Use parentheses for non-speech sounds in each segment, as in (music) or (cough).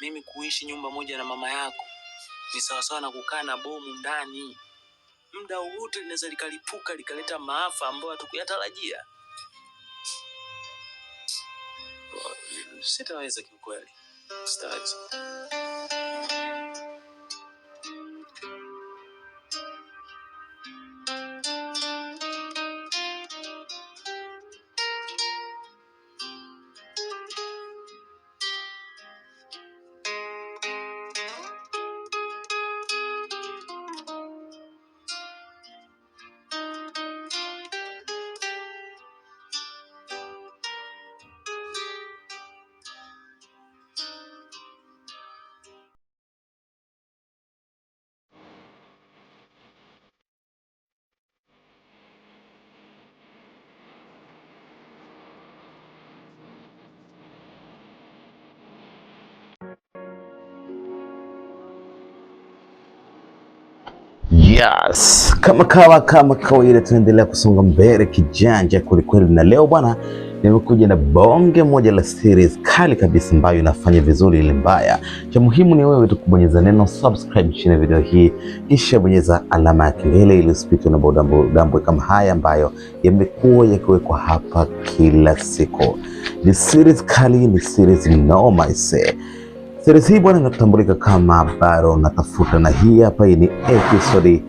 mimi kuishi nyumba moja na mama yako ni sawasawa na kukaa na bomu ndani. Muda wowote linaweza likalipuka likaleta maafa ambayo hatukuyatarajia. Sitaweza kiukweli, sitaweza. Yes, kama kawa kama kawaida, tunaendelea kusonga mbele kijanja kwelikweli, na leo bwana, nimekuja na bonge moja la series kali kabisa ambayo inafanya vizuri ile mbaya. Cha muhimu ni wewe tu kubonyeza neno subscribe chini ya video hii, kisha bonyeza alama ya kengele ili usipitwe na burudambwe kama haya ambayo yamekuwa yakiwekwa hapa kila siku. Ni series kali, ni series noma ise Series hii bwana inatambulika kama bado natafuta, na hii hapa ni episodi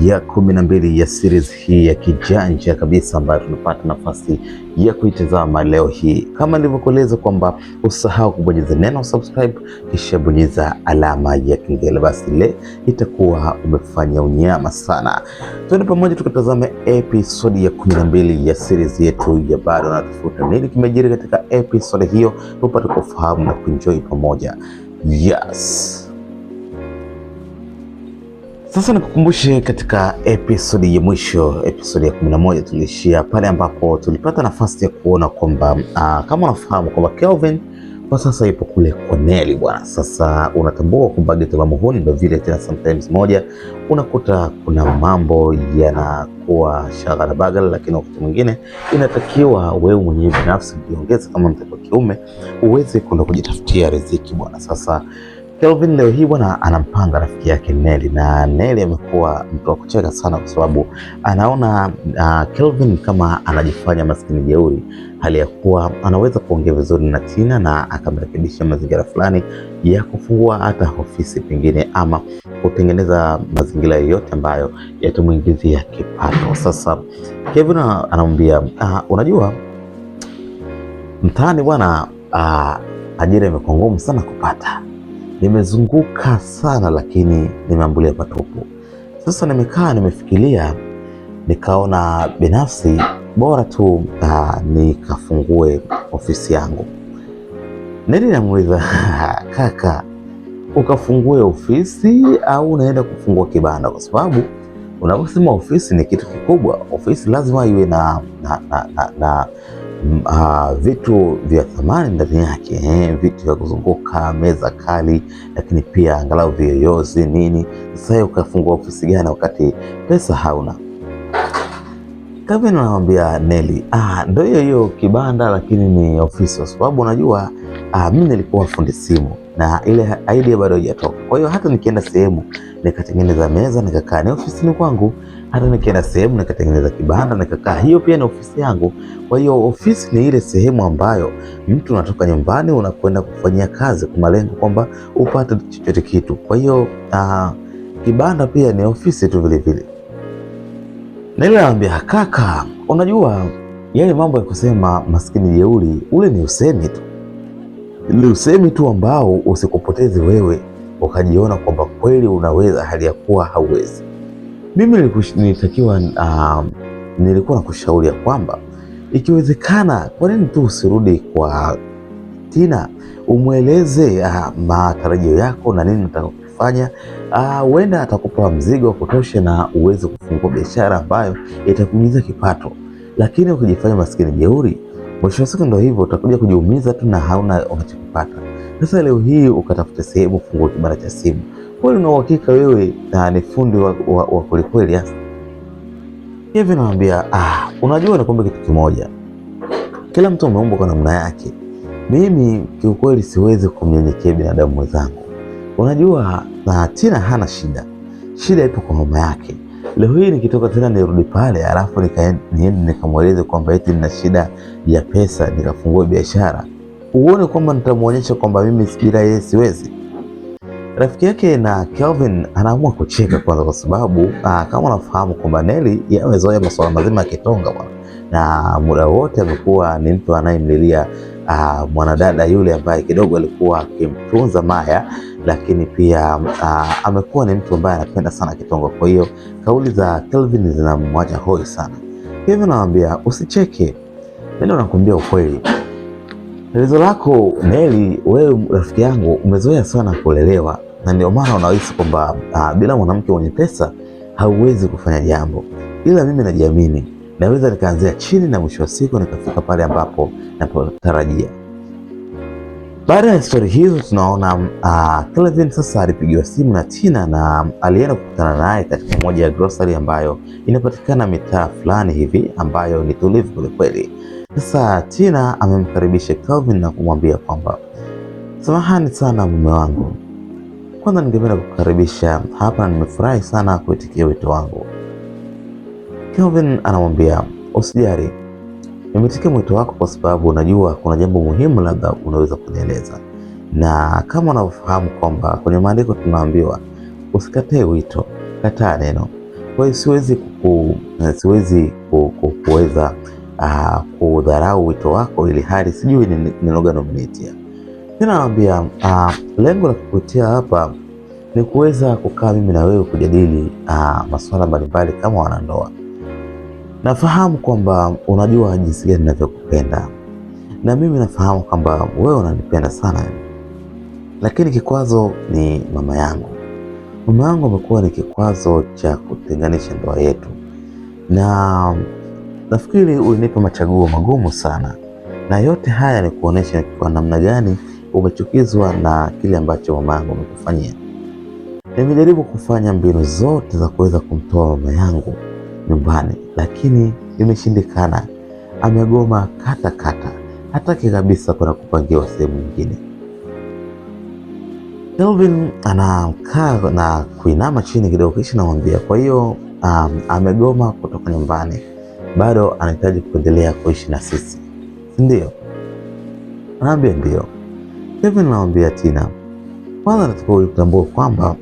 ya kumi na mbili ya series hii ya kijanja kabisa ambayo tunapata nafasi ya kuitazama leo hii, kama nilivyokueleza kwamba usahau kubonyeza neno subscribe, kisha bonyeza alama ya kengele, basi le itakuwa umefanya unyama sana. Twende pamoja tukatazame episodi ya kumi na mbili ya series yetu ya bado natafuta, nini kimejiri katika episodi hiyo, tupate kufahamu na kuenjoy pamoja. Yes. Sasa nikukumbushe, katika episodi ya mwisho, episodi ya 11 tuliishia pale ambapo tulipata nafasi ya kuona kwamba uh, kama unafahamu kwamba Kelvin kwa sasa ipo kule Koneli bwana. Sasa unatambua kwamba geti la Muhuni ndio vile tena, sometimes moja unakuta kuna mambo yanakuwa shagha na bagala, lakini wakati mwingine inatakiwa wewe mwenyewe binafsi ujiongeze kama mtoto wa kiume uweze kwenda kujitafutia riziki bwana. Sasa Kelvin leo hii bwana anampanga rafiki yake Neli na Neli amekuwa mtu wa kucheka sana, kwa sababu anaona uh, Kelvin kama anajifanya maskini jeuri, hali ya kuwa anaweza kuongea vizuri na Tina na akamrekebisha mazingira fulani ya kufungua hata ofisi pengine, ama kutengeneza mazingira yoyote ambayo yatamwingizia ya kipato. Sasa Kelvin anamwambia uh, unajua mtaani bwana uh, ajira imekuwa ngumu sana kupata nimezunguka sana, lakini nimeambulia patupu. Sasa nimekaa nimefikiria, nikaona binafsi bora tu uh, nikafungue ofisi yangu. Nilinamuuliza (laughs) kaka, ukafungue ofisi au unaenda kufungua kibanda? Kwa sababu unaposema ofisi ni kitu kikubwa, ofisi lazima iwe na, na, na, na, na uh, vitu vya thamani ndani yake eh, vitu vya kuzunguka meza kali, lakini pia angalau viyoyozi nini. Sasa ukafungua ofisi gani wakati pesa hauna? Kama namwambia Neli, ah, ndo hiyo hiyo kibanda, lakini ni ofisi, kwa sababu unajua ah, mimi nilikuwa fundi simu na ile idea bado haijatoka. Kwa hiyo hata nikienda sehemu nikatengeneza meza nikakaa, ni ofisini kwangu. Hata nikienda sehemu nikatengeneza kibanda nikakaa, hiyo pia ni ofisi yangu. Kwa hiyo ofisi ni ile sehemu ambayo mtu unatoka nyumbani unakwenda kufanyia kazi kwa malengo kwamba upate chochote kitu. Kwa hiyo ah, kibanda pia ni ofisi tu vilevile na anambia kaka, unajua yale mambo ya kusema maskini jeuri ule ni usemi tu, ni usemi tu ambao usikupoteze wewe ukajiona kwamba kweli unaweza hali ya kuwa hauwezi. Mimi nilitakiwa uh, nilikuwa nakushauri ya kwamba ikiwezekana, kwa nini tu usirudi kwa Tina umweleze uh, matarajio yako na nini kufanya, ah, huenda atakupa mzigo wa kutosha na uweze kufungua biashara ambayo itakuingiza kipato. Lakini ukijifanya maskini jeuri, mwisho wa siku ndio hivyo, utakuja kujiumiza tu na hauna unachokipata. Sasa leo hii ukatafuta sehemu, kufungua kibanda cha simu, kweli una uhakika wewe na ni fundi wa, wa, wa kwelikweli hasa hivi. nawambia, ah, unajua nakwambia kitu kimoja, kila mtu ameumbwa kwa namna yake. Mimi kiukweli siwezi kumnyenyekea binadamu mwenzangu. Unajua na Tina hana shida, shida ipo kwa mama yake. Leo hii nikitoka tena nirudi pale, alafu niende nikamweleze kwamba eti nina shida ya pesa, nikafungua biashara, uone kwamba nitamwonyesha kwamba mimi bila yeye siwezi. Rafiki yake na Kelvin anaamua kucheka kwanza, kwa sababu ah, kama unafahamu kwamba Neli yamezoea masuala mazima ya kitonga bwana, na muda wote amekuwa ni mtu anayemlilia uh, mwanadada yule ambaye kidogo alikuwa akimtunza Maya, lakini pia uh, amekuwa ni mtu ambaye anapenda sana Kitongo. Kwa hiyo kauli za Kelvin zinamwacha hoi sana. Hivyo nawambia usicheke, ndo nakwambia ukweli. Tatizo lako Neli, wewe rafiki yangu, umezoea sana kulelewa, na ndio maana unahisi kwamba uh, bila mwanamke mwenye pesa hauwezi kufanya jambo, ila mimi najiamini naweza nikaanzia chini na mwisho wa siku nikafika pale ambapo napotarajia. Baada ya stori hizo tunaona uh, Kelvin sasa alipigiwa simu na Tina na alienda kukutana naye katika moja ya grocery ambayo inapatikana mitaa fulani hivi ambayo ni tulivu kwelikweli. Sasa Tina amemkaribisha Kelvin na kumwambia kwamba samahani sana mume wangu, kwanza ningependa kukukaribisha hapa, nimefurahi sana kuitikia wito wangu Kelvin anamwambia usijali, nimetikia mwito wako kwa sababu unajua kuna jambo muhimu labda unaweza kunieleza, na kama unavyofahamu kwamba kwenye maandiko tunaambiwa usikatae wito, kataa neno. Kwa hiyo siwezi kuku, siwezi kuweza uh, kudharau wito wako ili hali sijui ni neno gani umeniitia. Tena uh, lengo la kukutia hapa ni kuweza kukaa mimi na wewe kujadili uh, masuala mbalimbali kama wanandoa Nafahamu kwamba unajua jinsi gani ninavyokupenda na mimi nafahamu kwamba wewe unanipenda sana, lakini kikwazo ni mama yangu. Mama yangu amekuwa ni kikwazo cha kutenganisha ndoa yetu, na nafikiri ulinipa machaguo magumu sana, na yote haya ni kuonesha kwa namna gani umechukizwa na kile ambacho mama yangu amekufanyia. Nimejaribu kufanya mbinu zote za kuweza kumtoa mama yangu nyumbani, lakini imeshindikana. Amegoma kata kata, hataki kabisa kuna kupangiwa sehemu nyingine. Kelvin anakaa na kuinama chini kidogo, kisha namwambia, kwa hiyo um, amegoma kutoka nyumbani, bado anahitaji kuendelea kuishi na sisi, si ndio? Anaambia ndio. Kelvin anamwambia Tina, kwanza nataka kutambua kwamba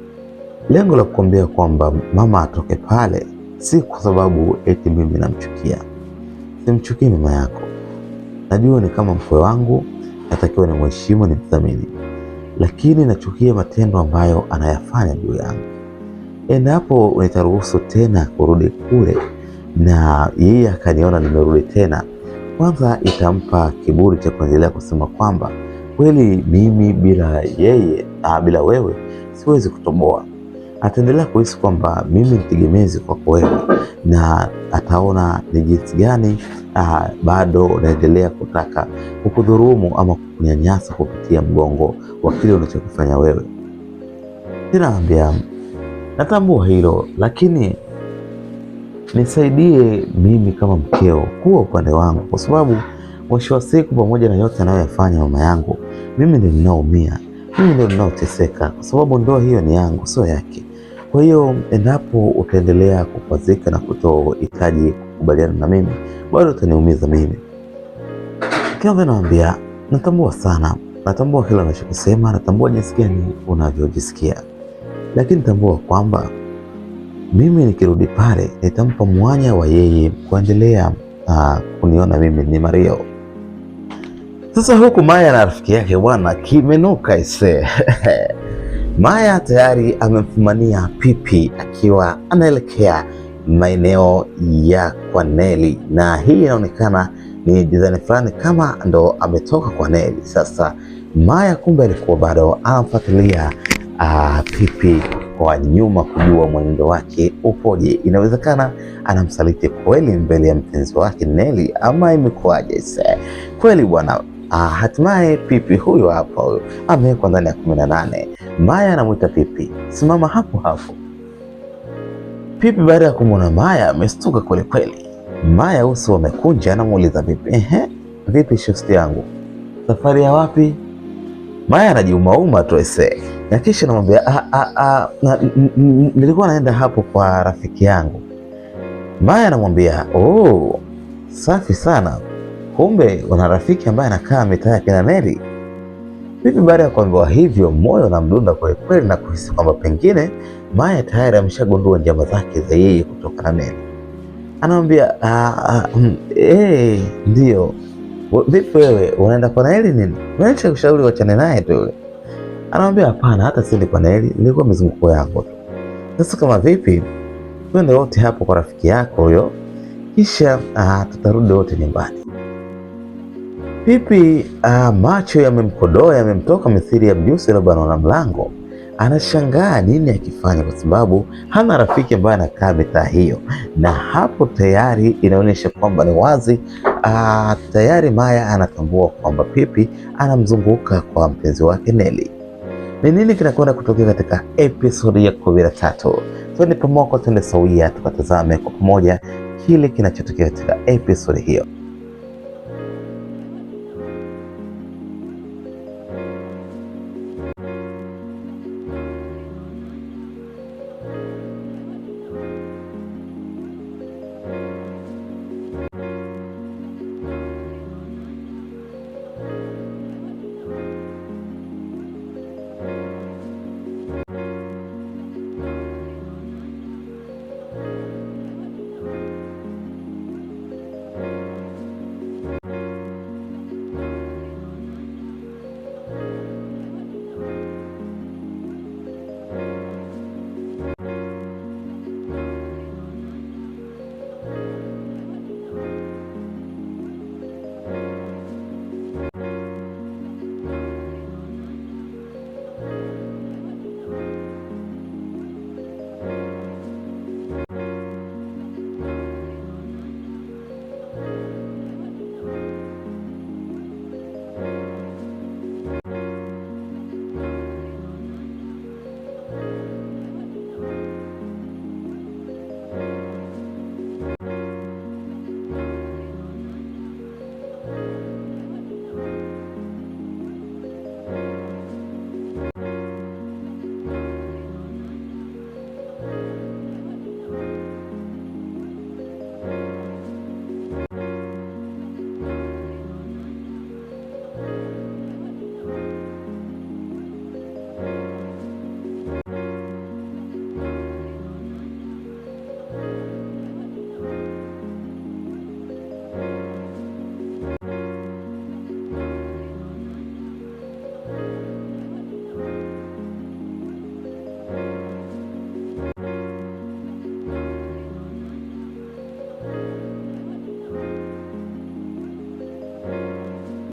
lengo la kukwambia kwamba mama atoke pale si kwa sababu eti mimi namchukia. Simchukii mama yako, najua ni kama mfwe wangu, natakiwa ni mheshimu, ni mthamini, lakini nachukia matendo ambayo anayafanya juu yangu. Endapo nitaruhusu tena kurudi kule na yeye akaniona nimerudi tena, kwanza itampa kiburi cha kuendelea kusema kwamba kweli mimi bila yeye, na ah, bila wewe siwezi kutoboa ataendelea kuhisi kwamba mimi ni tegemezi kwako wewe, na ataona ni jinsi gani ah, bado unaendelea kutaka kukudhurumu ama kukunyanyasa kupitia mgongo wa kile unachokifanya wewe. Ninaambia, natambua hilo, lakini nisaidie mimi kama mkeo kuwa upande wangu, kwa sababu mwisho wa siku, pamoja na yote anayoyafanya mama yangu, mimi ndio ninaoumia, mimi ndio ninaoteseka, kwa sababu ndoa hiyo ni yangu, sio yake. Kwa hiyo endapo utaendelea kukwazika na kutohitaji kukubaliana na mimi, bado utaniumiza mimi. Kama nawambia, natambua sana, natambua kila unachokisema, natambua jinsi gani unavyojisikia, lakini tambua kwamba mimi nikirudi pale nitampa mwanya wa yeye kuendelea uh, kuniona mimi ni Mario. Sasa huku Maya na rafiki yake bwana kimenuka ise (laughs) Maya tayari amemfumania pipi akiwa anaelekea maeneo ya kwa Neli, na hii inaonekana ni jizani fulani kama ndo ametoka kwa Neli. Sasa Maya kumbe alikuwa bado anamfuatilia pipi kwa nyuma kujua mwenendo wake upoje. Inawezekana anamsaliti kweli mbele ya mpenzi wake Neli ama imekuwaje? Kweli bwana Ah, hatimaye pipi huyo hapa huyo amewekwa ndani ya 18. Maya anamwita pipi, simama hapo hapo. Pipi baada ya kumwona Maya amestuka kweli. Maya uso wamekunja, anamuuliza pipi, ehe, vipi shosti yangu, safari ya wapi? Maya anajiumauma tu ese, na kisha anamwambia ah, ah, ah, nilikuwa naenda hapo kwa rafiki yangu. Maya anamwambia oh, safi sana kumbe wana rafiki ambaye anakaa mitaa ya kina Neli. Vipi baada ya kuambiwa hivyo, moyo unamdunda kweli na kuhisi kwamba pengine Maya tayari ameshagundua njama zake za yeye kutoka na Neli. Anamwambia hey, ah, ah, mm, eh, ndio vipi wewe unaenda kwa Naeli nini? Naisha kushauri wachane naye tu Anamwambia hapana, hata siendi kwa Naeli, nilikuwa mizunguko yako tu. Sasa kama vipi twende wote hapo kwa rafiki yako huyo, kisha ah, tutarudi wote nyumbani. Pipi uh, ah, macho yamemkodoa yamemtoka mithili ya mjusi aliyobanwa na mlango. Anashangaa nini akifanya, kwa sababu hana rafiki ambaye anakaa mitaa hiyo, na hapo tayari inaonyesha kwamba ni wazi uh, tayari Maya anatambua kwamba Pipi anamzunguka kwa mpenzi wake Neli. Ni nini kinakwenda kutokea katika episodi ya kumi na tatu? Twende pamoja, twende sawia tukatazame kwa pamoja kile kinachotokea katika episodi hiyo.